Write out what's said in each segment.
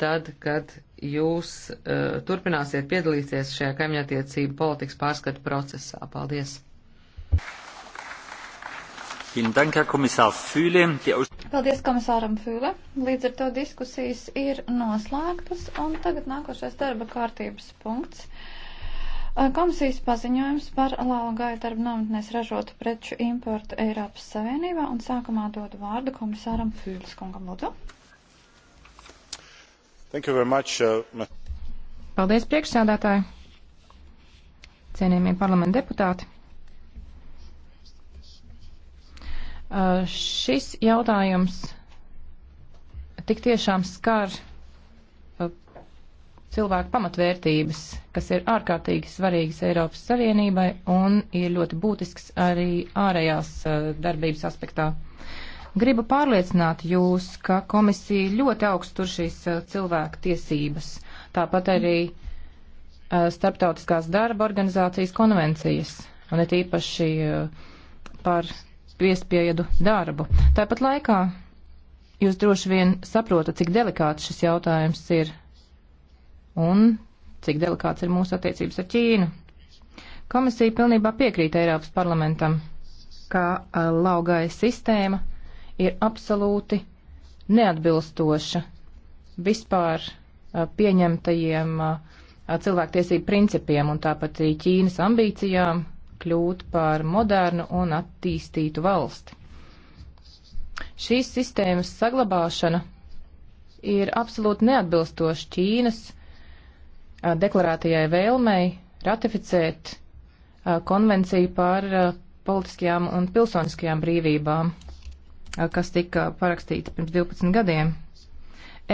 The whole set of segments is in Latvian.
tad, kad jūs uh, turpināsiet piedalīties šajā kaimiņattiecību politikas pārskatu procesā. Paldies! Paldies komisāram Fūle. Līdz ar to diskusijas ir noslēgtas un tagad nākošais darba kārtības punkts. Eh, komisijas paziņojums par lauva gaita darba nometnēs ražotu preču importu Eiropas Savienībā un sākumā dodu vārdu komisāram Fūles kungam. Lūdzu. Much, uh, Paldies, priekšsādātāji! Cienījamie parlamenta deputāti! Uh, šis jautājums tik tiešām skar uh, cilvēku pamatvērtības, kas ir ārkārtīgi svarīgas Eiropas Savienībai un ir ļoti būtisks arī ārējās uh, darbības aspektā. Gribu pārliecināt jūs, ka komisija ļoti augstu tur šīs eh, cilvēku tiesības, tāpat arī eh, starptautiskās darba organizācijas konvencijas, un it īpaši eh, par piespiedu darbu. Tāpat laikā jūs droši vien saprotat, cik delikāts šis jautājums ir un cik delikāts ir mūsu attiecības ar Ķīnu. Komisija pilnībā piekrīt Eiropas parlamentam, ka laugai sistēma ir absolūti neatbilstoša vispār pieņemtajiem cilvēktiesību principiem un tāpat arī Ķīnas ambīcijām kļūt par modernu un attīstītu valsti. Šīs sistēmas saglabāšana ir absolūti neatbilstoša Ķīnas deklarētajai vēlmei ratificēt konvenciju par politiskajām un pilsoniskajām brīvībām kas tika parakstīta pirms 12 gadiem.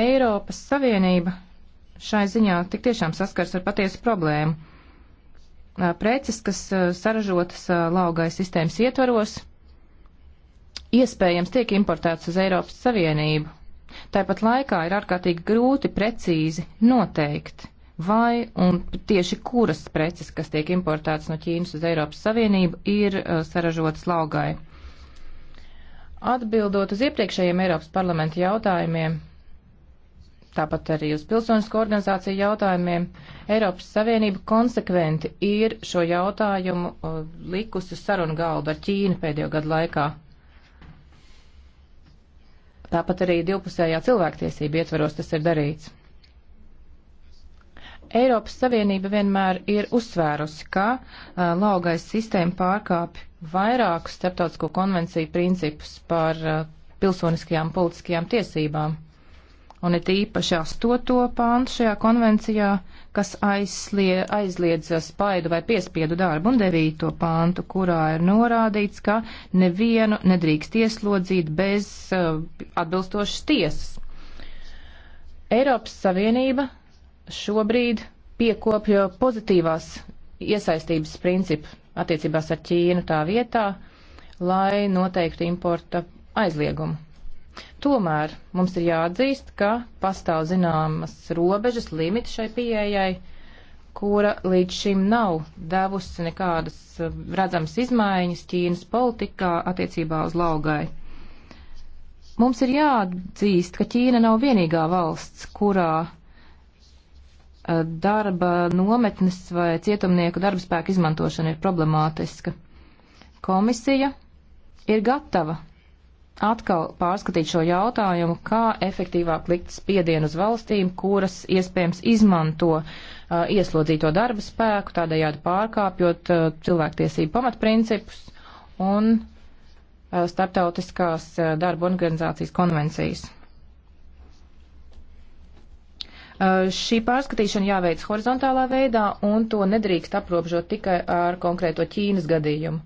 Eiropas Savienība šai ziņā tik tiešām saskars ar patiesu problēmu. Preces, kas saražotas laugai sistēmas ietvaros, iespējams tiek importētas uz Eiropas Savienību. Tāpat laikā ir ārkārtīgi grūti precīzi noteikt, vai un tieši kuras preces, kas tiek importētas no Ķīnas uz Eiropas Savienību, ir saražotas laugai. Atbildot uz iepriekšējiem Eiropas parlamenta jautājumiem, tāpat arī uz pilsonisko organizāciju jautājumiem, Eiropas Savienība konsekventi ir šo jautājumu likusi uz sarunu galdu ar Ķīnu pēdējo gadu laikā. Tāpat arī divpusējā cilvēktiesība ietvaros tas ir darīts. Eiropas Savienība vienmēr ir uzsvērusi, ka uh, laugais sistēma pārkāpj vairākus starptautisko konvenciju principus par uh, pilsoniskajām politiskajām tiesībām. Un ir īpaši astoto pāntu šajā konvencijā, kas aizlie, aizliedz spaidu vai piespiedu darbu, un devīto pāntu, kurā ir norādīts, ka nevienu nedrīkst ieslodzīt bez uh, atbilstošas tiesas. Eiropas Savienība šobrīd piekopja pozitīvās iesaistības principu attiecībās ar Ķīnu tā vietā, lai noteiktu importa aizliegumu. Tomēr mums ir jāatzīst, ka pastāv zināmas robežas limiti šai pieejai, kura līdz šim nav devusi nekādas eh, redzamas izmaiņas Ķīnas politikā attiecībā uz laugai. Mums ir jāatzīst, ka Ķīna nav vienīgā valsts, kurā Eh, darba nometnes vai cietumnieku darbspēku izmantošana ir problemātiska. Komisija ir gatava atkal pārskatīt šo jautājumu, kā efektīvāk likt spiedienu uz valstīm, kuras iespējams izmanto uh, ieslodzīto darba spēku, tādējādi pārkāpjot uh, cilvēktiesību pamatprincipus un uh, starptautiskās darba organizācijas konvencijas. Uh, šī pārskatīšana jāveic horizontālā veidā, un to nedrīkst aprobežot tikai ar konkrēto Ķīnas gadījumu.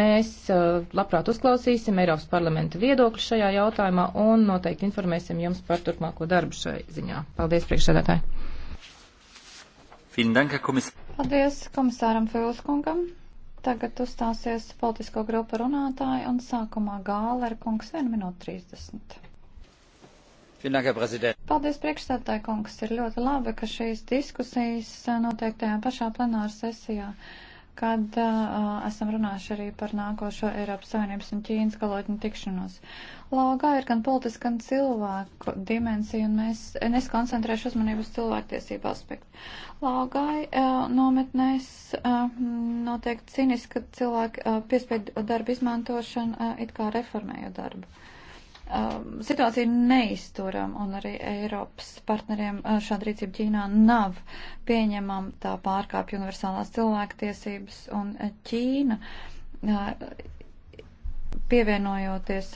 Mēs uh, labprāt uzklausīsim Eiropas parlamenta viedokli šajā jautājumā un noteikti informēsim jums par turpmāko darbu šai ziņā. Paldies, priekšsēdētāji! Paldies komisāram Filskungam. Tagad uzstāsies politisko grupu runātāji un sākumā Gālera kungs 1 minūte 30. Paldies, priekšstādāja kungs. Ir ļoti labi, ka šīs diskusijas notiek tajā pašā plenāra sesijā, kad uh, esam runājuši arī par nākošo Eiropas Savienības un Ķīnas galotņu tikšanos. Logā ir gan politiska, gan cilvēku dimensija, un mēs, es koncentrēšu uzmanību uz cilvēktiesību aspektu. Logai uh, nometnēs uh, notiek cīniska cilvēku uh, piespiedu darbu izmantošana, uh, it kā reformēja darbu. Uh, Um, situācija neizturam un arī Eiropas partneriem uh, šāda rīcība Ķīnā nav pieņemama, tā pārkāpja universālās cilvēktiesības un uh, Ķīna uh, pievienojoties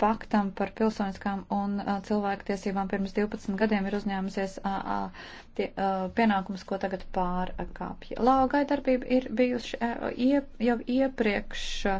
paktam par pilsoniskām un cilvēktiesībām pirms 12 gadiem ir uzņēmusies a, a, tie, a, pienākums, ko tagad pārkāpja. Laugai darbība ir bijuši a, ie, jau iepriekš. A,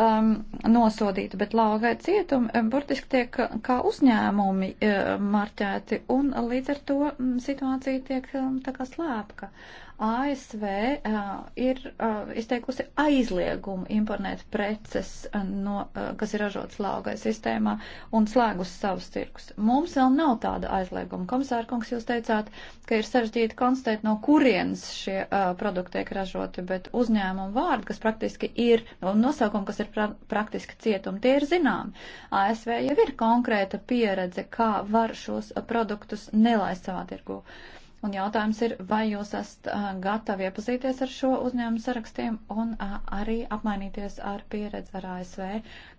um, nosodīti, bet laugai cietumi um, burtiski tiek uh, kā uzņēmumi uh, marķēti, un līdz ar to mm, situācija tiek um, tā kā slēpka. Uh, ASV uh, ir uh, izteikusi aizliegumu importēt preces, uh, no, uh, kas ir ražotas laugai sistēmā un slēgus savus tirkus. Mums vēl nav tāda aizlieguma. Komisārkungs, jūs teicāt, ka ir sarežģīti konstatēt, no kurienes šie uh, produkti tiek ražoti, bet uzņēmumu vārdi, kas praktiski ir, un nu, nosaukumi, kas ir pra praktiski cietumi, tie ir zināmi. ASV jau ir konkrēta pieredze, kā var šos produktus nelaist savā tirgu. Uh, Un jautājums ir, vai jūs esat gatavi iepazīties ar šo uzņēmumu sarakstiem un arī apmainīties ar pieredzi ar ASV,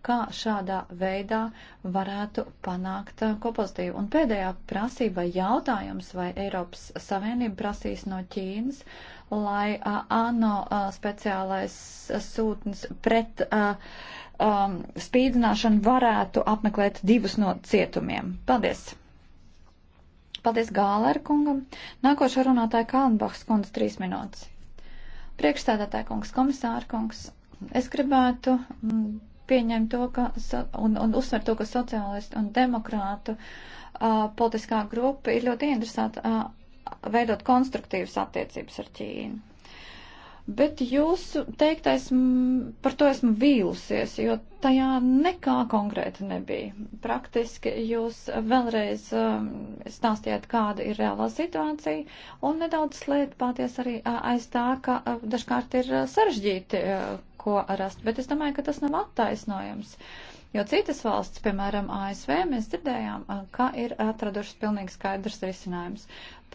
kā šādā veidā varētu panākt ko pozitīvu. Un pēdējā prasība jautājums, vai Eiropas Savienība prasīs no Ķīnas, lai ANO speciālais sūtnis pret um, spīdzināšanu varētu apmeklēt divus no cietumiem. Paldies! Paldies Gālēra kungam. Nākošā runātāja Kalnbachs kundze trīs minūtes. Priekšstādātāja kungs, komisāra kungs, es gribētu mm, pieņemt to, ka, un, un uzsver to, ka sociālistu un demokrātu uh, politiskā grupa ir ļoti interesēta uh, veidot konstruktīvas attiecības ar Ķīnu. Bet jūsu teiktais par to esmu vīlusies, jo tajā nekā konkrēta nebija. Praktiski jūs vēlreiz um, stāstījāt, kāda ir reālā situācija, un nedaudz slēpāties arī aiz tā, ka dažkārt ir sarežģīti, ko rast. Bet es domāju, ka tas nav attaisnojams. Uh, Jo citas valsts, piemēram, ASV, mēs dzirdējām, ka ir atradušas pilnīgi skaidrs risinājums.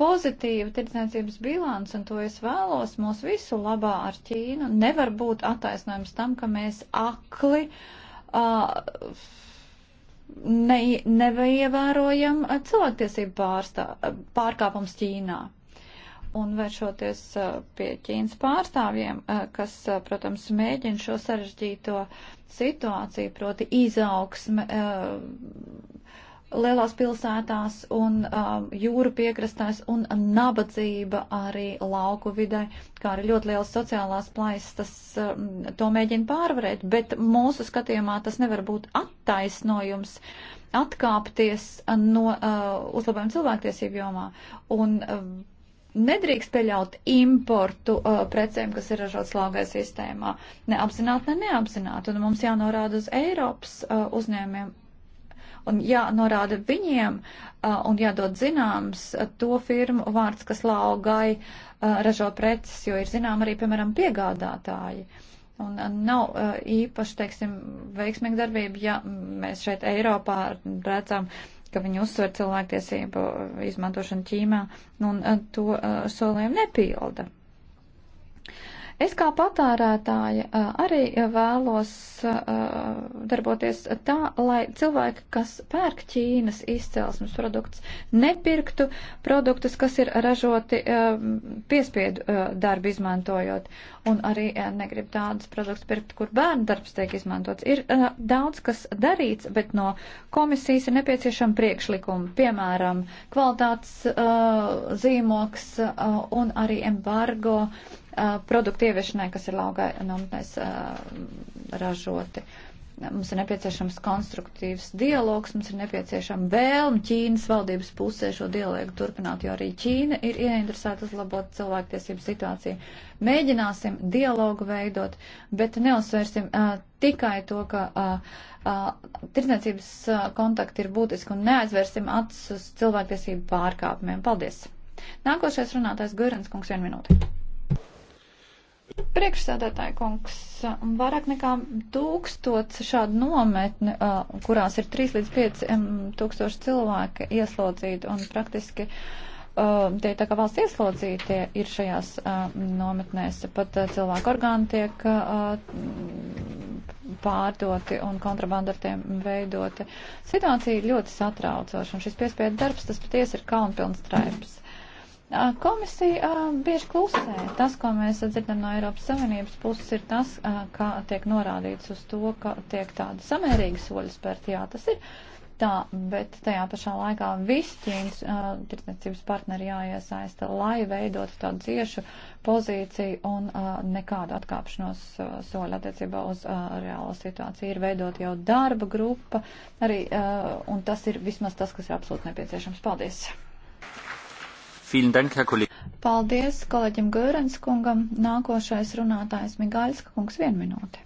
Pozitīva tirdzniecības bilants, un to es vēlos, mūs visu labā ar Ķīnu nevar būt attaisnojums tam, ka mēs akli. Uh, Ne, nevajag ievērojam cilvēktiesību pārkāpums Ķīnā un vēršoties pie Ķīnas pārstāvjiem, kas, protams, mēģina šo sarežģīto situāciju, proti izaugsme lielās pilsētās un jūru piekrastēs un nabadzība arī lauku vidē, kā arī ļoti liels sociālās plaisas, tas to mēģina pārvarēt, bet mūsu skatījumā tas nevar būt attaisnojums atkāpties no uh, uzlabojuma cilvēktiesību jomā un uh, nedrīkst pieļaut importu uh, precēm, kas ir ražotas laugai sistēmā. Neapzināti, ne neapzināti. Un mums jānorāda uz Eiropas uh, uzņēmiem. Un jānorāda viņiem uh, un jādod zināms uh, to firmu vārds, kas laugai uh, ražo preces, jo ir zinām arī, piemēram, piegādātāji. Un uh, nav uh, īpaši, teiksim, veiksmīga darbība, ja mēs šeit Eiropā redzam uh, ka viņi uzsver cilvēktiesību izmantošanu Ķīmā un uh, to uh, solījumu nepilda. Es kā patērētāja arī vēlos darboties tā, lai cilvēki, kas pērk Ķīnas izcelsmes produkts, nepirktu produktus, kas ir ražoti piespiedu darbu izmantojot. Un arī negrib tādus produktus pirkt, kur bērnu darbs tiek izmantots. Ir daudz, kas darīts, bet no komisijas ir nepieciešama priekšlikuma, piemēram, kvalitātes zīmoks un arī embargo Uh, produktu ieviešanai, kas ir laukai nometnēs uh, ražoti. Mums ir nepieciešams konstruktīvs dialogs, mums ir nepieciešama vēlme Ķīnas valdības pusē šo dialogu turpināt, jo arī Ķīna ir ieinteresēta uzlabot cilvēktiesību situāciju. Mēģināsim dialogu veidot, bet neuzsvērsim uh, tikai to, ka uh, uh, tirdzniecības uh, kontakti ir būtiski un neaizvērsim acis uz cilvēktiesību pārkāpumiem. Paldies! Nākošais runātājs Gurens kungs, vienu minūti. Priekšsēdētāji kungs, vairāk nekā tūkstots šādu nometni, kurās ir 3 līdz 5 tūkstoši cilvēki ieslodzīti un praktiski tie tā kā valsts ieslodzītie ir šajās nometnēs. Pat cilvēku orgāni tiek pārdoti un kontrabanda ar tiem veidoti. Situācija ir ļoti satraucoša un šis piespiedu darbs tas patiesi ir kaunpilns traips Komisija bieži klusē. Tas, ko mēs dzirdam no Eiropas Savienības puses, ir tas, kā tiek norādīts uz to, ka tiek tāda samērīga soļa spērt. Jā, tas ir tā, bet tajā pašā laikā visi Ķīnas tirdzniecības partneri jāiesaista, lai veidotu tādu ciešu pozīciju un nekādu atkāpšanos soļu attiecībā uz reālo situāciju. Ir veidot jau darba grupa arī, un tas ir vismaz tas, kas ir absolūti nepieciešams. Paldies! Paldies kolēģim Gērens kungam. Nākošais runātājs Migaļska kungs vien minūte.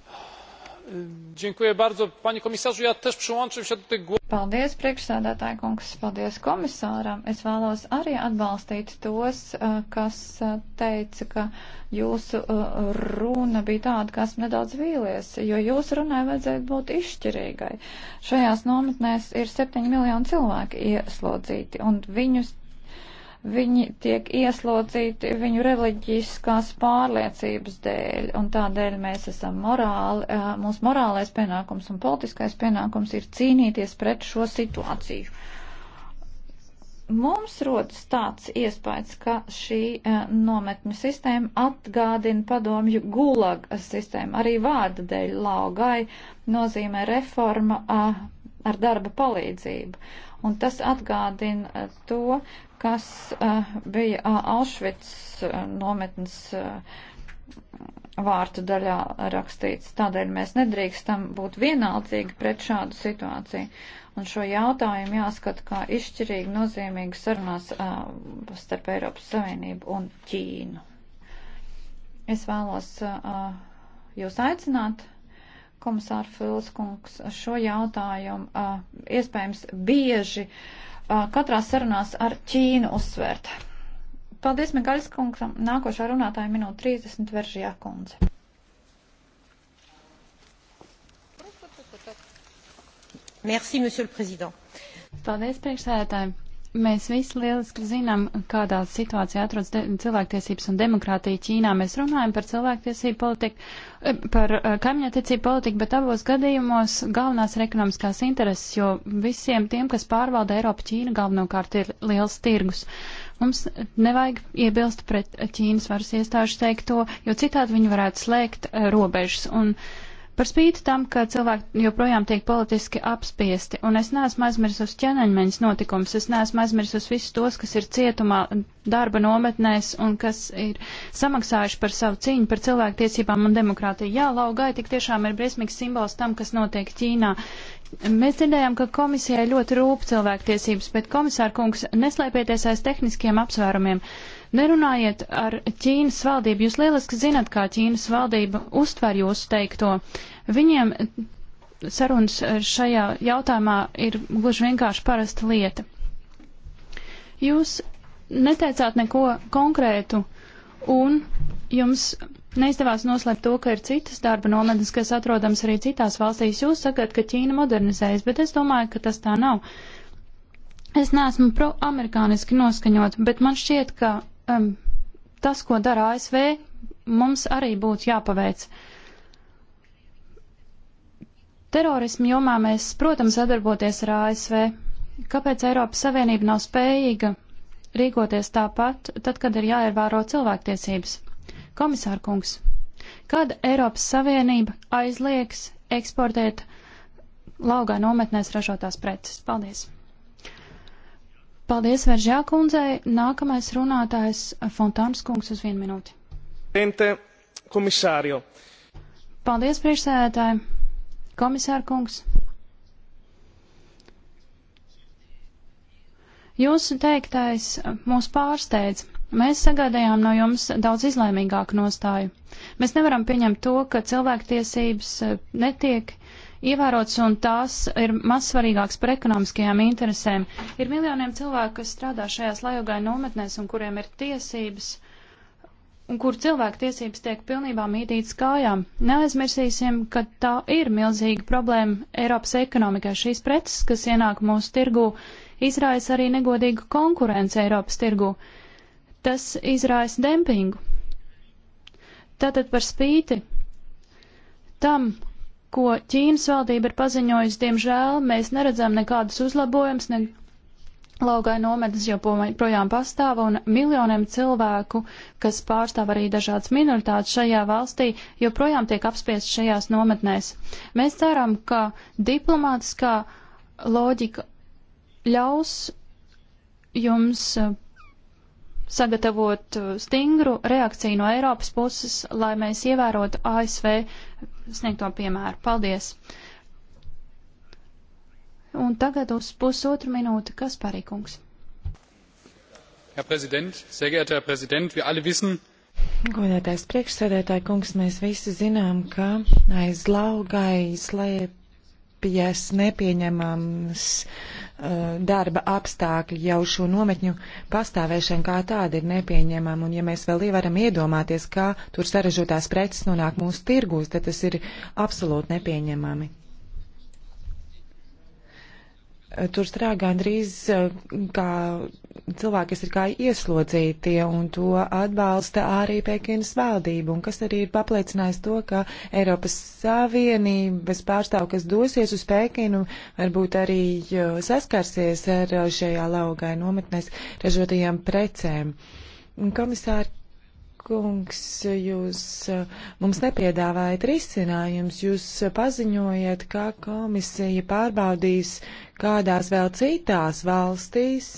Paldies, priekšsēdētāji kungs, paldies komisāram. Es vēlos arī atbalstīt tos, eh, kas eh, teica, ka jūsu eh, runa bija tāda, kas nedaudz vīlies, jo jūsu runai vajadzētu būt izšķirīgai. Šajās nometnēs ir 7 miljoni cilvēki ieslodzīti, un viņus Viņi tiek ieslodzīti viņu reliģiskās pārliecības dēļ, un tādēļ mēs esam morāli, eh, mūsu morālais pienākums un politiskais pienākums ir cīnīties pret šo situāciju. Mums rodas tāds iespējas, ka šī eh, nometņu sistēma atgādina padomju gulag sistēmu. Arī vārda dēļ laugai nozīmē reforma eh, ar darba palīdzību. Un tas atgādina to, kas eh, bija eh, Auschwitz eh, nometnes vārtu daļā rakstīts. Tādēļ mēs nedrīkstam būt vienaldzīgi pret šādu situāciju. Un šo jautājumu jāskata kā izšķirīgi nozīmīgi sarunās uh, starp Eiropas Savienību un Ķīnu. Es vēlos uh, jūs aicināt, komisāra Filskungs, šo jautājumu uh, iespējams bieži uh, katrā sarunās ar Ķīnu uzsvērt. Paldies, Megaļs kungam. Nākošā runātāja minūte 30 veržījā kundze. Merci, monsieur le président. Paldies, priekšsēdētāji. Mēs visi lieliski zinām, kādā situācijā atrodas cilvēktiesības un demokrātija Ķīnā. Mēs runājam par cilvēktiesību politiku, eh, par eh, kaimiņattiecību politiku, bet abos gadījumos galvenās ir ekonomiskās intereses, jo visiem tiem, kas pārvalda Eiropu Ķīnu, galvenokārt ir liels tirgus. Mums nevajag iebilst pret Ķīnas varas iestāžu teikto, jo citādi viņi varētu slēgt eh, robežas. Un, uh, Par spīti tam, ka cilvēki joprojām tiek politiski apspiesti, un es neesmu aizmirsus ķeneņmeņas notikums, es neesmu aizmirsus visus tos, kas ir cietumā, darba nometnēs un kas ir samaksājuši par savu cīņu par cilvēku tiesībām un demokrātiju. Jā, laugai tik tiešām ir briesmīgs simbols tam, kas notiek Ķīnā. Mēs dzirdējām, ka komisijai ļoti rūp cilvēktiesības, bet komisāra kungs, neslēpieties aiz tehniskiem apsvērumiem. Nerunājiet ar Ķīnas valdību. Jūs lieliski zinat, kā Ķīnas valdība uztver jūsu teikto. Viņiem sarunas šajā jautājumā ir gluži vienkārši parasta lieta. Jūs neteicāt neko konkrētu, un jums Neizdevās noslēpt to, ka ir citas darba nometnes, kas atrodams arī citās valstīs. Jūs sakat, ka Ķīna modernizējas, bet es domāju, ka tas tā nav. Es neesmu pro-amerikāniski noskaņot, bet man šķiet, ka um, tas, ko dara ASV, mums arī būtu jāpaveic. Terorismu jomā mēs, protams, sadarboties ar ASV. Kāpēc Eiropas Savienība nav spējīga rīkoties tāpat, tad, kad ir jāievēro cilvēktiesības? Komisārkungs, kad Eiropas Savienība aizliegs eksportēt laugā nometnēs ražotās preces? Paldies! Paldies, Veržjā kundzei. Nākamais runātājs Fontāns kungs uz vienu minūti. Komisārio. Paldies, priekšsēdētāji. Komisāra kungs. Jūsu teiktais mūs pārsteidz. Mēs sagādājām no jums daudz izlēmīgāku nostāju. Mēs nevaram pieņemt to, ka cilvēktiesības eh, netiek ievērots un tās ir mazsvarīgāks par ekonomiskajām interesēm. Ir miljoniem cilvēku, kas strādā šajās lajogai nometnēs un kuriem ir tiesības un kur cilvēku tiesības tiek pilnībā mītītas kājām. Neaizmirsīsim, ka tā ir milzīga problēma Eiropas ekonomikai. Šīs preces, kas ienāk mūsu tirgū, izraisa arī negodīgu konkurenci Eiropas tirgū tas izraisa dempingu. Tātad par spīti tam, ko Ķīnas valdība ir paziņojusi, diemžēl mēs neredzam nekādas uzlabojumus, ne laukai nometnes joprojām pastāv un miljoniem cilvēku, kas pārstāv arī dažādas minoritātes šajā valstī, joprojām tiek apspiesti šajās nometnēs. Mēs ceram, ka diplomātiskā loģika ļaus jums sagatavot uh, stingru reakciju no Eiropas puses, lai mēs ievērotu ASV sniegto piemēru. Paldies! Un tagad uz pusotru minūti Kasparīkungs. Herr Präsident, sehr geehrter Herr Präsident, wir alle wissen, Godētais priekšsēdētāji kungs, mēs visi zinām, ka aiz laugai slēpjas nepieņemams Eh, darba apstākļi, jau šo nometņu pastāvēšana kā tāda ir nepieņemama, un ja mēs vēl varam iedomāties, kā tur saražotās preces nonāk mūsu tirgūs, tad tas ir absolūti nepieņemami tur strādā gandrīz eh, kā cilvēki, kas ir kā ieslodzītie, un to atbalsta arī Pekinas valdība, un kas arī ir papliecinājis to, ka Eiropas Savienības pārstāv, kas dosies uz Pekinu, varbūt arī eh, saskarsies ar eh, šajā laugai nometnēs ražotajām precēm. Komisāri, kungs, jūs eh, mums nepiedāvājat risinājums, jūs paziņojat, kā komisija pārbaudīs kādās vēl citās valstīs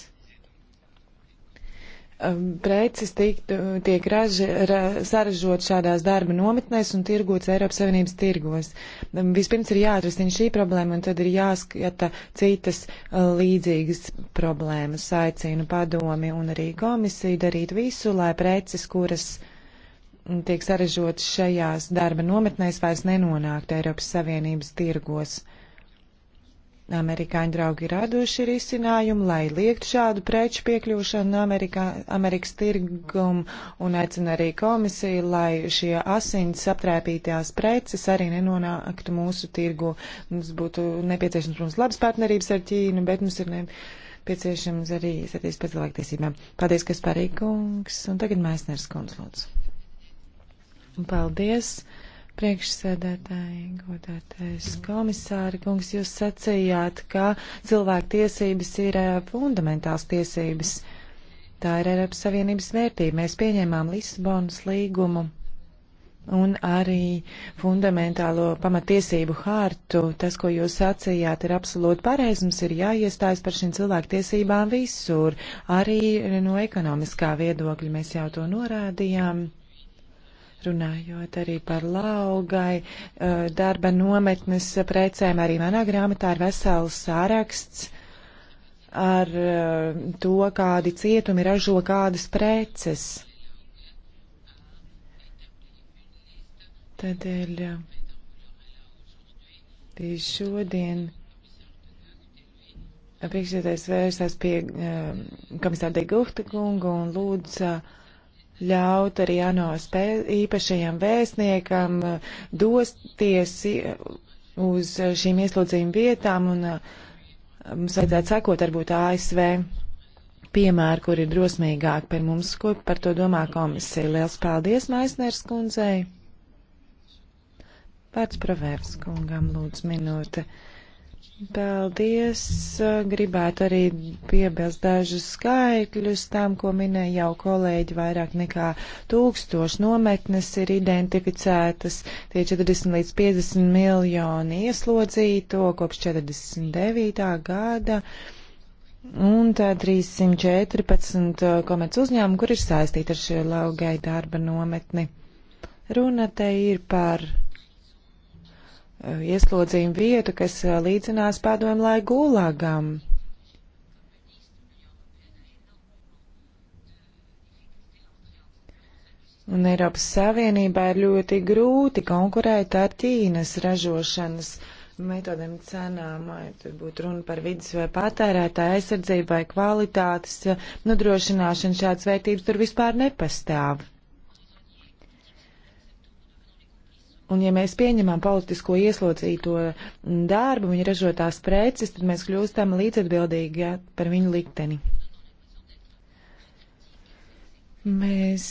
Um, preces tikt, uh, tiek raži, ra, saražot šādās darba nometnēs un tirgots Eiropas Savienības tirgos. Um, vispirms ir jāatrisina šī problēma, un tad ir jāskata citas uh, līdzīgas problēmas. Aicinu padomi un arī komisiju darīt visu, lai preces, kuras mm, tiek saražotas šajās darba nometnēs, vairs nenonāktu Eiropas Savienības tirgos. Uh, Amerikāņu draugi ir raduši risinājumu, lai liektu šādu preču piekļūšanu Amerikā, Amerikas tirgumu un aicina arī komisiju, lai šie asins aptrēpītās preces arī nenonāktu mūsu tirgu. Mums būtu nepieciešams, protams, labas partnerības ar Ķīnu, bet mums ir nepieciešams arī saties pēc cilvēktiesībām. Paldies, kas parīkungs, un tagad Maisners konsults. Paldies. Priekšsēdētāji, godātais komisāri, kungs, jūs sacījāt, ka cilvēku tiesības ir eh, fundamentāls tiesības. Tā ir Eiropas Savienības vērtība. Mēs pieņēmām Lisabonas līgumu un arī fundamentālo pamatiesību hārtu. Tas, ko jūs sacījāt, ir absolūti pareizi. Mums ir jāiestājas par šīm cilvēktiesībām visur, arī no ekonomiskā viedokļa mēs jau to norādījām. Runājot arī par laugai, eh, darba nometnes precēm, arī manā grāmatā ir vesels sāraksts ar eh, to, kādi cietumi ražo kādas preces. Tādēļ eh, tieši šodien priekšsēdētājs vērsās pie komisāra Degulta kunga un lūdza uh, ļaut arī ANO īpašajam vēstniekam uh, dosties uh, uz šīm ieslodzījuma vietām un uh, mums vajadzētu sekot varbūt ASV piemēru, kur ir drosmīgāk par mums, ko par to domā komisija. Liels paldies, Maisners kundzei! Vārds provērs kungam lūdzu minūte. Uh, Paldies! Gribētu arī piebilst dažus skaitļus tam, ko minēja jau kolēģi. Vairāk nekā tūkstoši nometnes ir identificētas, tie 40 līdz 50 miljoni ieslodzīto kopš 49. gada. Un tā 314 uh, komerc uzņēmumu, kur ir saistīti ar šo laugai darba nometni. Runa te ir par Eh, ieslodzījumu vietu, kas eh, līdzinās padomu lai gulagam. Un Eiropas Savienībā ir ļoti grūti konkurēt ar Ķīnas ražošanas metodēm cenām, vai tur būtu runa par vidas vai patērētāja aizsardzību vai kvalitātes eh, nodrošināšanu, šāds vērtības tur vispār nepastāv. Un ja mēs pieņemam politisko ieslodzīto darbu, viņa ražotās preces, tad mēs kļūstam līdzatbildīgi jā, par viņu likteni. Mēs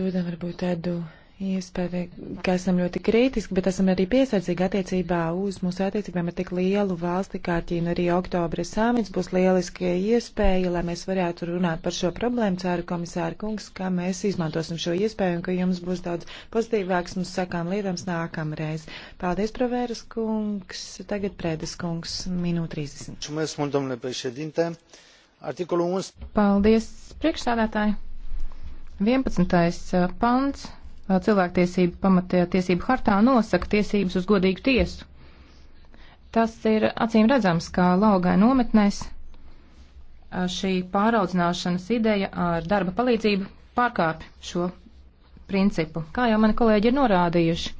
dodam varbūt tādu Iespēja, ka esam ļoti kritiski, bet esam arī piesardzīgi attiecībā uz mūsu attiecībām ar tik lielu valsti kā Ķīna. Arī oktobra samits būs lieliski iespēja, lai mēs varētu runāt par šo problēmu. Ceru, komisāra kungs, ka mēs izmantosim šo iespēju un ka jums būs daudz pozitīvāks mums sakām lietams nākamreiz. Paldies, Provēras kungs. Tagad Prēdes kungs, minūte 30. Paldies, priekšsādātāji. 11. Eh, pants cilvēktiesību pamatiesību hartā nosaka tiesības uz godīgu tiesu. Tas ir acīm redzams, kā laugai nometnēs šī pāraudzināšanas ideja ar darba palīdzību pārkāpj šo principu, kā jau mani kolēģi ir norādījuši.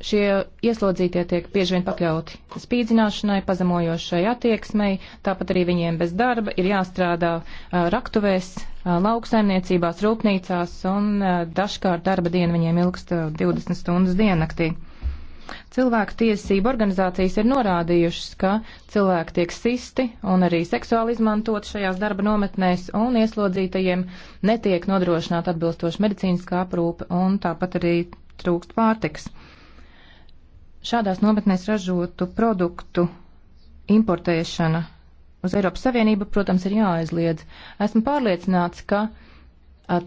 šie ieslodzītie tiek bieži vien pakļauti spīdzināšanai, pazemojošai attieksmei, tāpat arī viņiem bez darba ir jāstrādā raktuvēs, lauksaimniecībās, rūpnīcās un dažkārt darba diena viņiem ilgst 20 stundas diennaktī. Cilvēku tiesību organizācijas ir norādījušas, ka cilvēki tiek sisti un arī seksuāli izmantot šajās darba nometnēs, un ieslodzītajiem netiek nodrošināta atbilstoša medicīniskā aprūpe, un tāpat arī trūkst pārtiks. Uh, šādās nometnēs ražotu produktu importēšana uz Eiropas Savienību, protams, ir jāaizliedz. Esmu pārliecināts, ka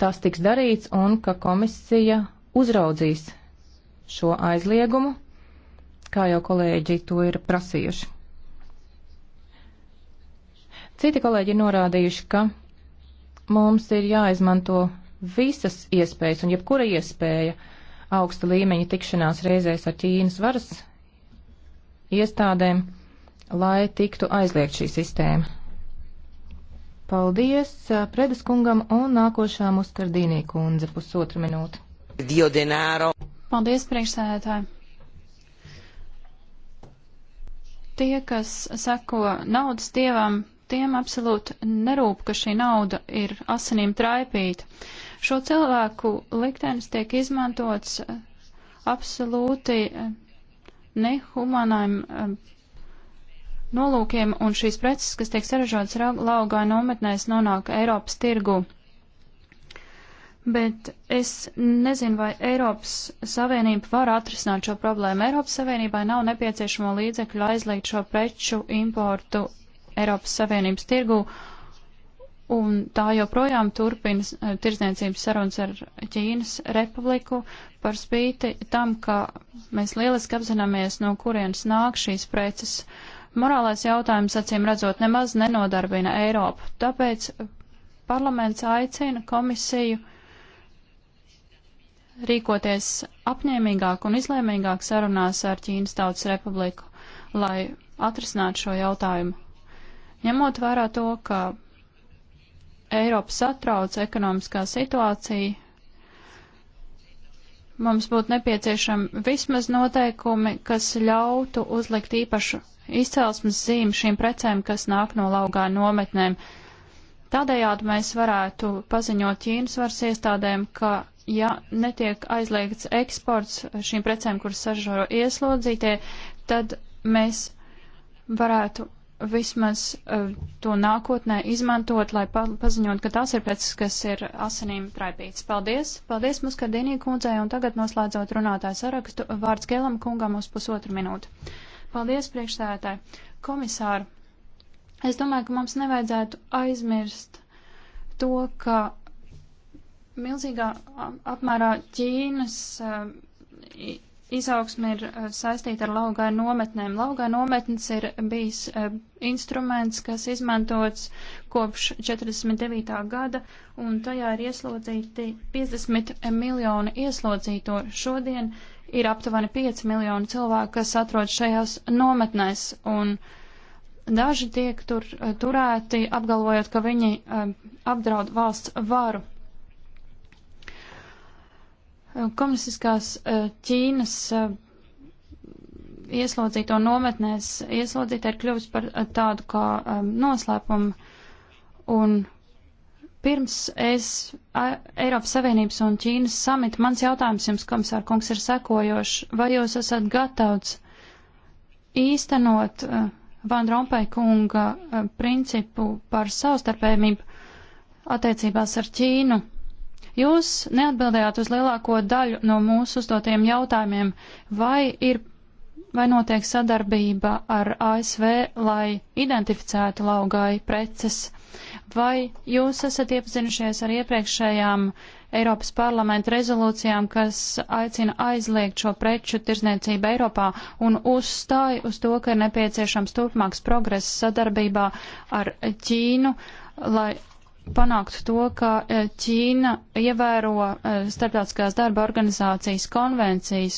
tas tiks darīts un ka komisija uzraudzīs šo aizliegumu, kā jau kolēģi to ir prasījuši. Citi kolēģi ir norādījuši, ka mums ir jāizmanto visas iespējas un jebkura iespēja uh, augsta līmeņa tikšanās reizēs ar Ķīnas varas iestādēm, lai tiktu aizliegt šī sistēma. Paldies Predes kungam un nākošā muskardīnī kundze pusotra minūte. Dio denaro. Paldies, priekšsēdētāji. Tie, kas seko naudas dievam, tiem absolūti nerūp, ka šī nauda ir asinīm traipīta. Uh, Šo cilvēku liktenis tiek izmantots eh, absolūti eh, nehumanām eh, nolūkiem, un šīs preces, kas tiek saražotas laugā nometnēs, nonāk Eiropas tirgu. Bet es nezinu, vai Eiropas Savienība var atrisināt šo problēmu. Eiropas Savienībai nav nepieciešamo līdzekļu aizliegt šo preču importu Eiropas Savienības tirgū, Un tā joprojām turpina eh, tirdzniecības sarunas ar Ķīnas republiku par spīti tam, ka mēs lieliski apzināmies, no kurienes nāk šīs preces. Morālais jautājums, acīm redzot, nemaz nenodarbina Eiropu. Tāpēc parlaments aicina komisiju rīkoties apņēmīgāk un izlēmīgāk sarunās ar Ķīnas Tautas republiku, lai atrisinātu šo jautājumu. Ņemot vērā to, ka Eiropu satrauc ekonomiskā situācija. Mums būtu nepieciešami vismaz noteikumi, kas ļautu uzlikt īpašu izcelsmes zīmi šīm precēm, kas nāk no laukā nometnēm. Tādējādi mēs varētu paziņot Ķīnas varas iestādēm, ka ja netiek aizliegts eksports šīm precēm, kuras sažaro ieslodzītie, tad mēs varētu vismaz uh, to nākotnē izmantot, lai pa paziņot, ka tās ir preces, kas ir asinīm traipītas. Paldies! Paldies Muskardīnī kundzei un tagad noslēdzot runātāju sarakstu vārds Gēlam kungam uz pusotru minūtu. Paldies priekšstādātāji! Komisāri, es domāju, ka mums nevajadzētu aizmirst to, ka milzīgā apmērā Ķīnas uh, izaugsme ir eh, saistīta ar laugā nometnēm. Laugā nometnes ir bijis eh, instruments, kas izmantots kopš 49. gada, un tajā ir ieslodzīti 50 miljoni ieslodzīto. Šodien ir aptuveni 5 miljoni cilvēku, kas atrodas šajās nometnēs, un daži tiek tur eh, turēti, apgalvojot, ka viņi apdraud valsts varu. Eh, komunistiskās eh, Ķīnas eh, ieslodzīto nometnēs ieslodzīta ir kļuvusi par tādu kā noslēpumu. Un pirms es Eiropas Savienības un Ķīnas samita mans jautājums jums, komisār kungs, ir sekojošs. Vai jūs esat gatavs īstenot Van Rompai kunga principu par savstarpējumību attiecībās ar Ķīnu? Jūs neatbildējāt uz lielāko daļu no mūsu uzdotiem jautājumiem, vai ir vai notiek sadarbība ar ASV, lai identificētu laugāju preces, vai jūs esat iepazinušies ar iepriekšējām Eiropas parlamenta rezolūcijām, kas aicina aizliegt šo preču tirzniecību Eiropā un uzstāja uz to, ka ir nepieciešams turpmāks progress sadarbībā ar Ķīnu, lai panākt to, ka e, Ķīna ievēro e, starptautiskās darba organizācijas konvencijas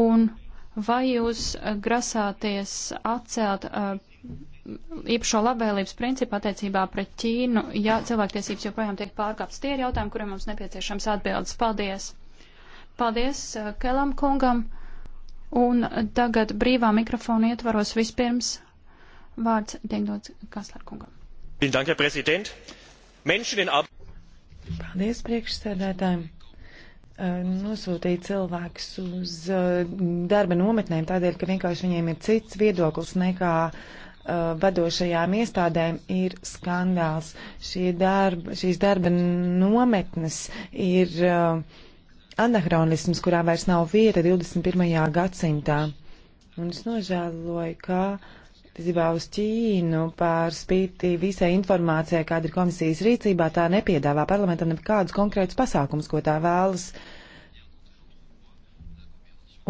un vai jūs e, grasāties atcelt īpašo labvēlības principu attiecībā pret Ķīnu, ja cilvēktiesības joprojām tiek pārkāptas? Tie ir jautājumi, kuriem mums nepieciešams atbildes. Paldies! Paldies Kelam kungam! Un tagad brīvā mikrofona ietvaros vispirms vārds tiek dots Kasler kungam. Vielen Dank, Herr Präsident. Menschen in Arbeit. Paldies priekšsēdētājiem. Nosūtīt cilvēkus uz darba nometnēm tādēļ, ka vienkārši viņiem ir cits viedoklis nekā vadošajām iestādēm ir skandāls. Šie darba, šīs darba nometnes ir anahronisms, kurā vairs nav vieta 21. gadsimtā. Un es nožēloju, ka uh, Tiesībā uz Ķīnu pār spīti visai informācijai, kāda ir komisijas rīcībā, tā nepiedāvā parlamentam nekādus konkrētus pasākumus, ko tā vēlas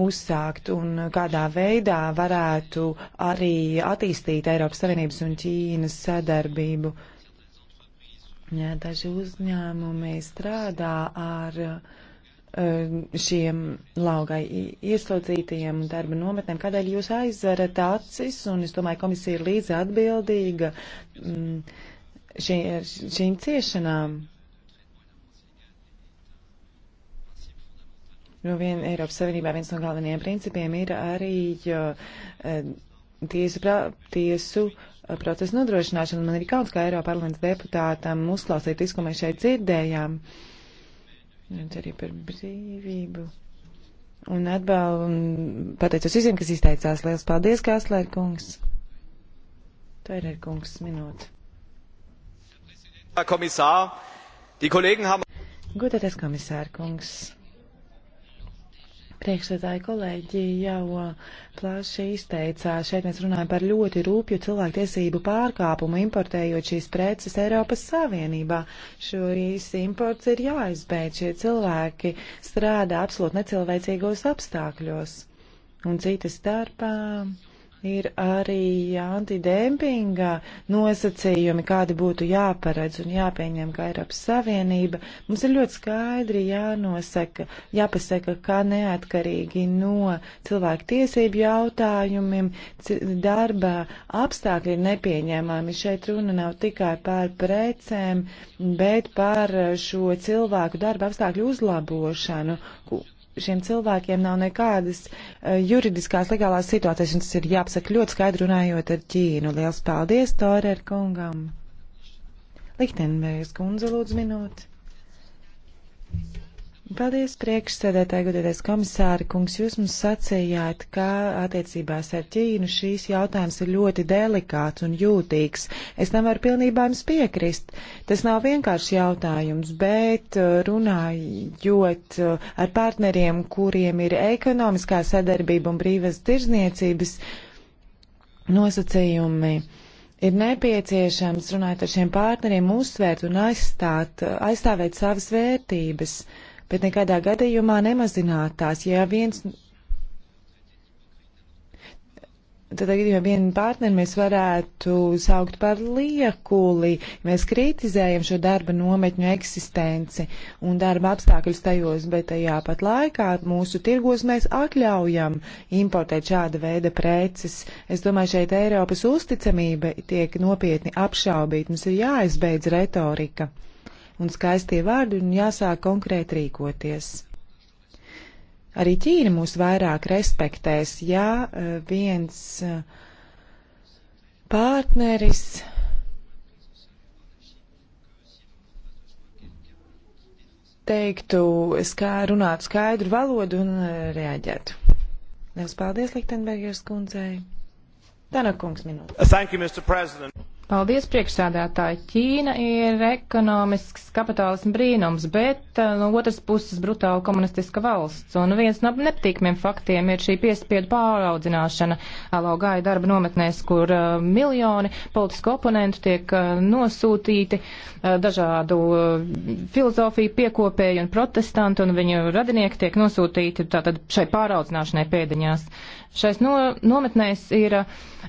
uzsākt un kādā veidā varētu arī attīstīt Eiropas Savienības un Ķīnas sadarbību. Jā, daži uzņēmumi strādā ar uh, Eh, šiem laugai ieslodzītajiem darba nometnēm, kādēļ jūs aizverat acis, un es domāju, komisija ir līdz atbildīga mm, šī, šīm ciešanām. Nu, vien Eiropas Savienībā viens no galvenajiem principiem ir arī jo, eh, tiesu, pra, tiesu eh, procesu nodrošināšana. Man ir kaut kā Eiropa parlamenta deputātam uzklausīt visu, ko mēs šeit dzirdējām. Uh, Viņš arī par brīvību. Un atbalvu, un pateicos visiem, kas izteicās. Liels paldies, Kāslēr kungs. Tā ir ar kungs minūte. Komisār, die Kollegen haben. Gutaties, komisār kungs. Priekšsēdētāji kolēģi jau uh, plaši izteicās. Šeit mēs runājam par ļoti rūpju cilvēktiesību pārkāpumu, importējot šīs preces Eiropas Savienībā. Šīs imports ir jāizbeidz. Šie cilvēki strādā absolūti necilvēcīgos apstākļos. Un citas starpā ir arī antidempinga nosacījumi, kādi būtu jāparedz un jāpieņem kā Eiropas Savienība. Mums ir ļoti skaidri jānosaka, jāpasaka, kā neatkarīgi no cilvēku tiesību jautājumiem darba apstākļi ir nepieņēmami. Šeit runa nav tikai par precēm, bet par šo cilvēku darba apstākļu uzlabošanu šiem cilvēkiem nav nekādas uh, juridiskās legālās situācijas, un tas ir jāpasaka ļoti skaidri runājot ar Ķīnu. Liels paldies Torer kungam! Lichtenbergs kundze lūdzu minūti. Paldies, priekšsēdētāji, godētais komisāri, kungs, jūs mums sacījāt, ka attiecībās ar Ķīnu šīs jautājums ir ļoti delikāts un jūtīgs. Es tam varu pilnībā jums piekrist. Tas nav vienkārši jautājums, bet uh, runājot uh, ar partneriem, kuriem ir ekonomiskā sadarbība un brīvas tirzniecības nosacījumi ir nepieciešams runāt ar šiem partneriem, uzsvērt un aizstāt, aizstāvēt savas vērtības bet nekādā gadījumā nemazinātās. Ja viens, tad, ja vienu partneri mēs varētu saukt par liekuli, mēs kritizējam šo darba nometņu eksistenci un darba apstākļus tajos, bet tajā pat laikā mūsu tirgos mēs atļaujam importēt šāda veida preces. Es domāju, šeit Eiropas uzticamība tiek nopietni apšaubīt, mums ir jāizbeidz retorika un skaistie vārdi un jāsāk konkrēti rīkoties. Arī Ķīna mūs vairāk respektēs, ja e, viens e, partneris teiktu, skā, runātu skaidru valodu un e, reaģētu. Liels paldies Liktenbergers kundzei. Tanakungs minūte. Thank you, Mr. President. Paldies, priekšsēdētāji. Ķīna ir ekonomisks kapitālisms brīnums, bet eh, no otras puses brutāli komunistiska valsts. Un viens no nepatīkamiem faktiem ir šī piespiedu pāraudzināšana Alaugai darba nometnēs, kur uh, miljoni politisko oponentu tiek uh, nosūtīti uh, dažādu filozofiju piekopēju un protestantu, un viņu radinieki tiek nosūtīti tātad šai pāraudzināšanai pēdiņās. Šais no, nometnēs ir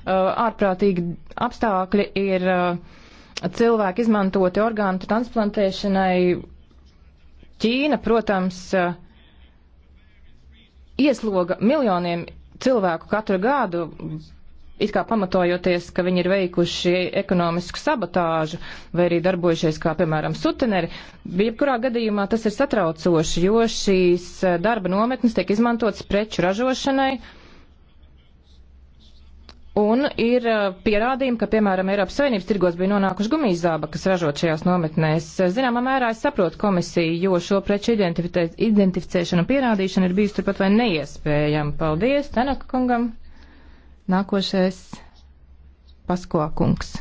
ārprātīgi apstākļi ir uh, cilvēki izmantoti orgānu transplantēšanai. Ķīna, protams, uh, iesloga miljoniem cilvēku katru gadu, it kā pamatojoties, ka viņi ir veikuši ekonomisku sabotāžu vai arī darbojušies kā, piemēram, suteneri. Jebkurā gadījumā tas ir satraucoši, jo šīs uh, darba nometnes tiek izmantotas preču ražošanai, uh, Un ir uh, pierādījumi, ka, piemēram, Eiropas Savienības tirgos bija nonākuši gumijas zāba, kas ražot šajās nometnēs. Zināmā mērā es saprotu komisiju, jo šo preču identificēšana un pierādīšana ir bijusi turpat vai neiespējama. Paldies, Tanaka kungam. Nākošais Pasko kungs.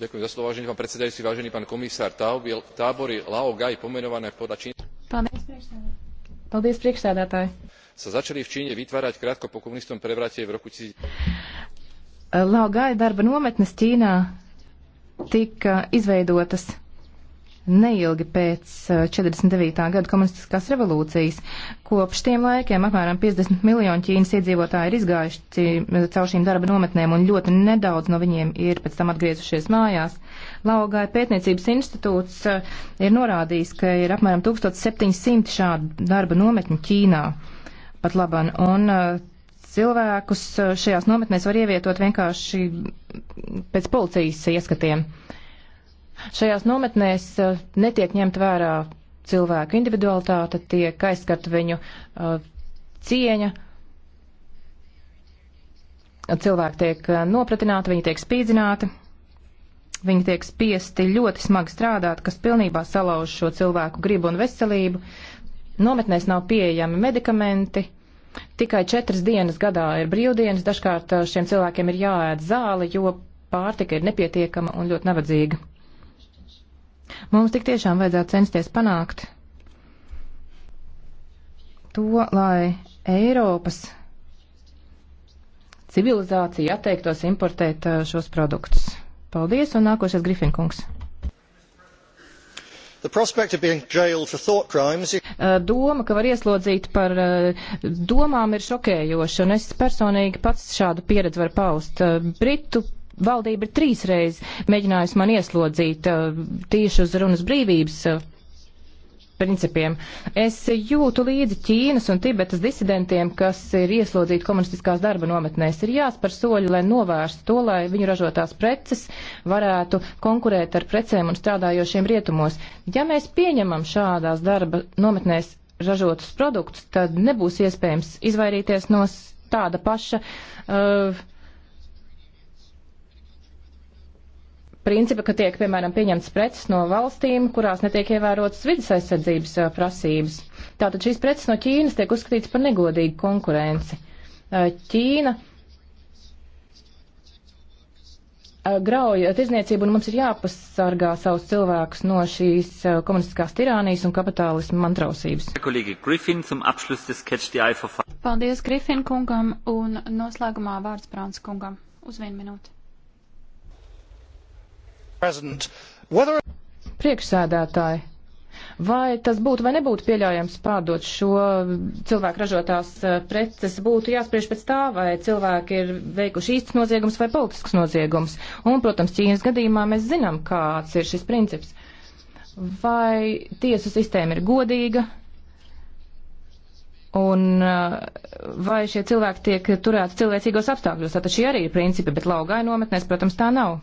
Ďakujem za slovo, vážený pán predsedajúci, vážený pán komisár. Tábory Lao Gai pomenované podľa Číny. Paldies, priekšsēdētāji. Paldies, priekšsēdētāji sa začali v číne vytvárať krátko po komunistom prevrate v roku. Laogai darba nometnes Ķīnā tika izveidotas neilgi pēc 49. Eh, gada komunistiskās revolūcijas. Kopš tiem laikiem apmēram 50 miljoni Ķīnas iedzīvotāji ir izgājuši eh, caur šīm darba nometnēm un ļoti nedaudz no viņiem ir pēc tam atgriezušies mājās. Laugai pētniecības institūts eh, ir norādījis, ka ir apmēram 1700 šādu darba nometņu Ķīnā pat laban. Un uh, cilvēkus uh, šajās nometnēs var ievietot vienkārši pēc policijas ieskatiem. Šajās nometnēs uh, netiek ņemt vērā cilvēku individualitāte, tiek aizskat viņu cieņa. Cilvēki tiek nopratināti, viņi tiek spīdzināti. Viņi tiek spiesti ļoti smagi strādāt, kas pilnībā salauž šo cilvēku gribu un veselību. Nometnēs nav pieejami medikamenti, Tikai četras dienas gadā ir brīvdienas, dažkārt šiem cilvēkiem ir jāēd zāle, jo pārtika ir nepietiekama un ļoti nabadzīga. Mums tik tiešām vajadzētu censties panākt to, lai Eiropas civilizācija atteiktos importēt šos produktus. Paldies, un nākošais Grifinkungs. Uh, doma, ka var ieslodzīt par uh, domām, ir šokējoša, un es personīgi pats šādu pieredzi varu paust. Uh, Britu valdība ir trīsreiz mēģinājusi man ieslodzīt tieši uz runas brīvības principiem. Es jūtu līdzi Ķīnas un Tibetas disidentiem, kas ir ieslodzīti komunistiskās darba nometnēs. Ir jāspēr soļi, lai novērstu to, lai viņu ražotās preces varētu konkurēt ar precēm un strādājošiem rietumos. Ja mēs pieņemam šādās darba nometnēs ražotus produktus, tad nebūs iespējams izvairīties no tāda paša. Uh, principa, ka tiek, piemēram, pieņemts preces no valstīm, kurās netiek ievērotas vidas aizsardzības prasības. Tātad šīs preces no Ķīnas tiek uzskatīts par negodīgu konkurenci. Ķīna grauj tirzniecību un mums ir jāpasargā savus cilvēkus no šīs komunistiskās tirānijas un kapitālismu mantrausības. Paldies Grifin kungam un noslēgumā vārds Brāns kungam. Uz vienu minūti. Priekšsēdētāji, vai tas būtu vai nebūtu pieļaujams pārdot šo cilvēku ražotās eh, preces, būtu jāspriež pēc tā, vai cilvēki ir veikuši īsts noziegums vai politisks noziegums. Un, protams, Ķīnas gadījumā mēs zinām, kāds ir šis princips. Vai tiesu sistēma ir godīga? Un eh, vai šie cilvēki tiek turēti cilvēcīgos apstākļos? Tātad šie arī ir principi, bet laugai nometnēs, protams, tā nav.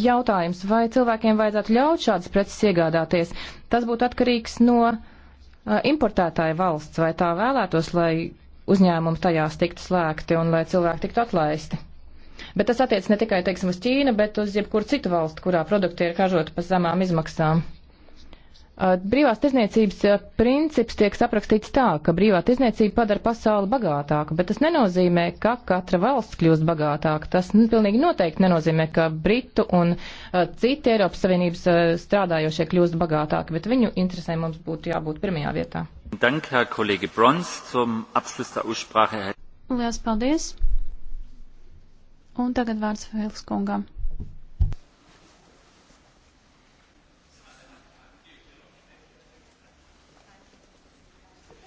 Jautājums, vai cilvēkiem vajadzētu ļaut šādas preces iegādāties, tas būtu atkarīgs no uh, importētāja valsts, vai tā vēlētos, lai uzņēmumi tajās tiktu slēgti un lai cilvēki tiktu atlaisti. Bet tas attiec ne tikai, teiksim, uz Ķīnu, bet uz jebkuru citu valstu, kurā produkti ir ražoti pa zemām izmaksām. Eh, brīvās tirzniecības eh, princips tiek aprakstīts tā, ka brīvā tirzniecība padara pasauli bagātāku, bet tas nenozīmē, ka katra valsts kļūst bagātāka. Tas nu, pilnīgi noteikti nenozīmē, ka Britu un uh, citi Eiropas Savienības uh, strādājošie kļūst bagātāki, bet viņu interesēm mums būtu jābūt pirmajā vietā. Dank, Herr kolēģi Brons, zum Abschluss der Aussprache. Lielas paldies! Un tagad vārds Vēlis kungam.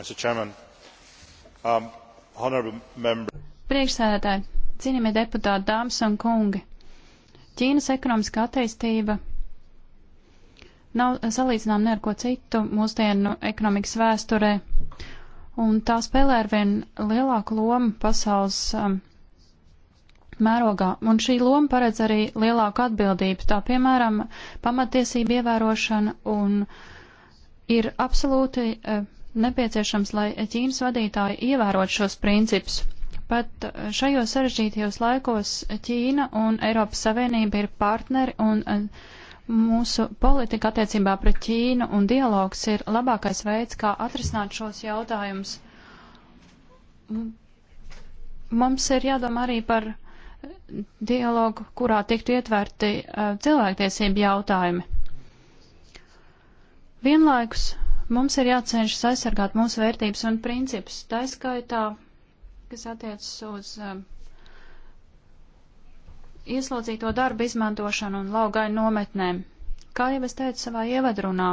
Um, Priekšsēdētāji, cienījamie deputāti, dāmas un kungi, Ķīnas ekonomiskā attīstība nav salīdzināma ne ar ko citu mūsdienu ekonomikas vēsturē, un tā spēlē ar vien lielāku lomu pasaules um, mērogā, un šī loma paredz arī lielāku atbildību, tā piemēram pamatiesību ievērošana un ir absolūti uh, nepieciešams, lai Ķīnas vadītāji ievērot šos principus. Pat šajos sarežģītajos laikos Ķīna un Eiropas Savienība ir partneri un eh, mūsu politika attiecībā pret Ķīnu un dialogs ir labākais veids, kā atrisināt šos jautājumus. Mums ir jādomā arī par dialogu, kurā tiktu ietverti eh, cilvēktiesību jautājumi. Vienlaikus Mums ir jācenšas aizsargāt mūsu vērtības un principus, tā skaitā, kas attiecas uz um, ieslodzīto darbu izmantošanu un laugainu nometnēm. Kā jau es teicu savā ievadrunā,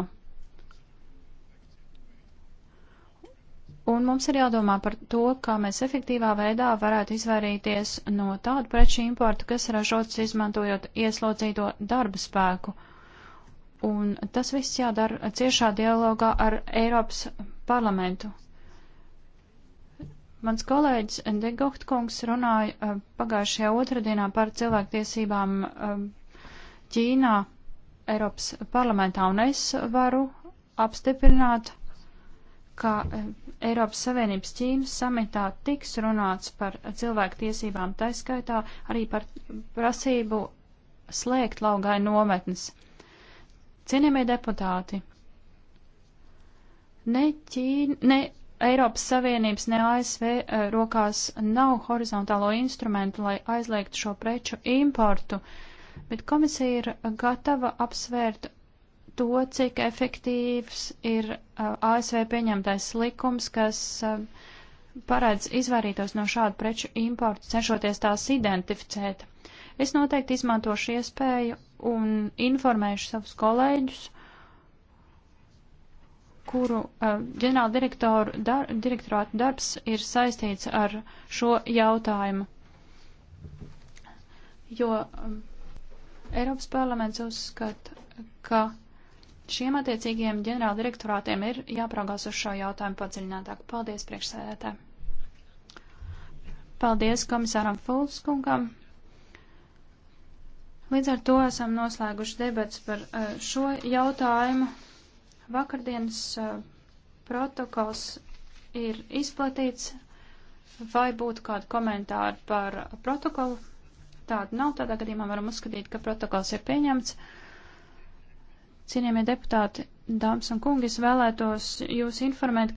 un mums ir jādomā par to, kā mēs efektīvā veidā varētu izvairīties no tādu preču importu, kas ražots izmantojot ieslodzīto darba spēku. Un tas viss jādara ciešā dialogā ar Eiropas parlamentu. Mans kolēģis Degohtkungs runāja uh, pagājušajā otrdienā par cilvēktiesībām um, Ķīnā, Eiropas parlamentā, un es varu apstiprināt, ka uh, Eiropas Savienības Ķīnas samitā tiks runāts par cilvēktiesībām, taiskaitā arī par prasību slēgt laugai nometnes. Cienījamie deputāti, ne, Ķīna, ne Eiropas Savienības, ne ASV eh, rokās nav horizontālo instrumentu, lai aizliegtu šo preču importu, bet komisija ir gatava apsvērt to, cik efektīvs ir eh, ASV pieņemtais likums, kas eh, paredz izvairītos no šādu preču importu, cenšoties tās identificēt. Es noteikti izmantošu iespēju un informēšu savus kolēģus, kuru uh, eh, ģenerāla dar, direktorāta darbs ir saistīts ar šo jautājumu. Jo um, Eiropas parlaments uzskata, ka šiem attiecīgiem ģenerāla direktorātiem ir jāpraugās uz šo jautājumu padziļinātāk. Paldies priekšsēdētājai! Paldies komisāram Fulskungam! Līdz ar to esam noslēguši debats par eh, šo jautājumu. Vakardienas eh, protokols ir izplatīts. Vai būtu kādi komentāri par protokolu? Tāda nav. Tādā gadījumā varam uzskatīt, ka protokols ir pieņemts. Cienījamie deputāti, dāmas un kungi, es vēlētos jūs informēt,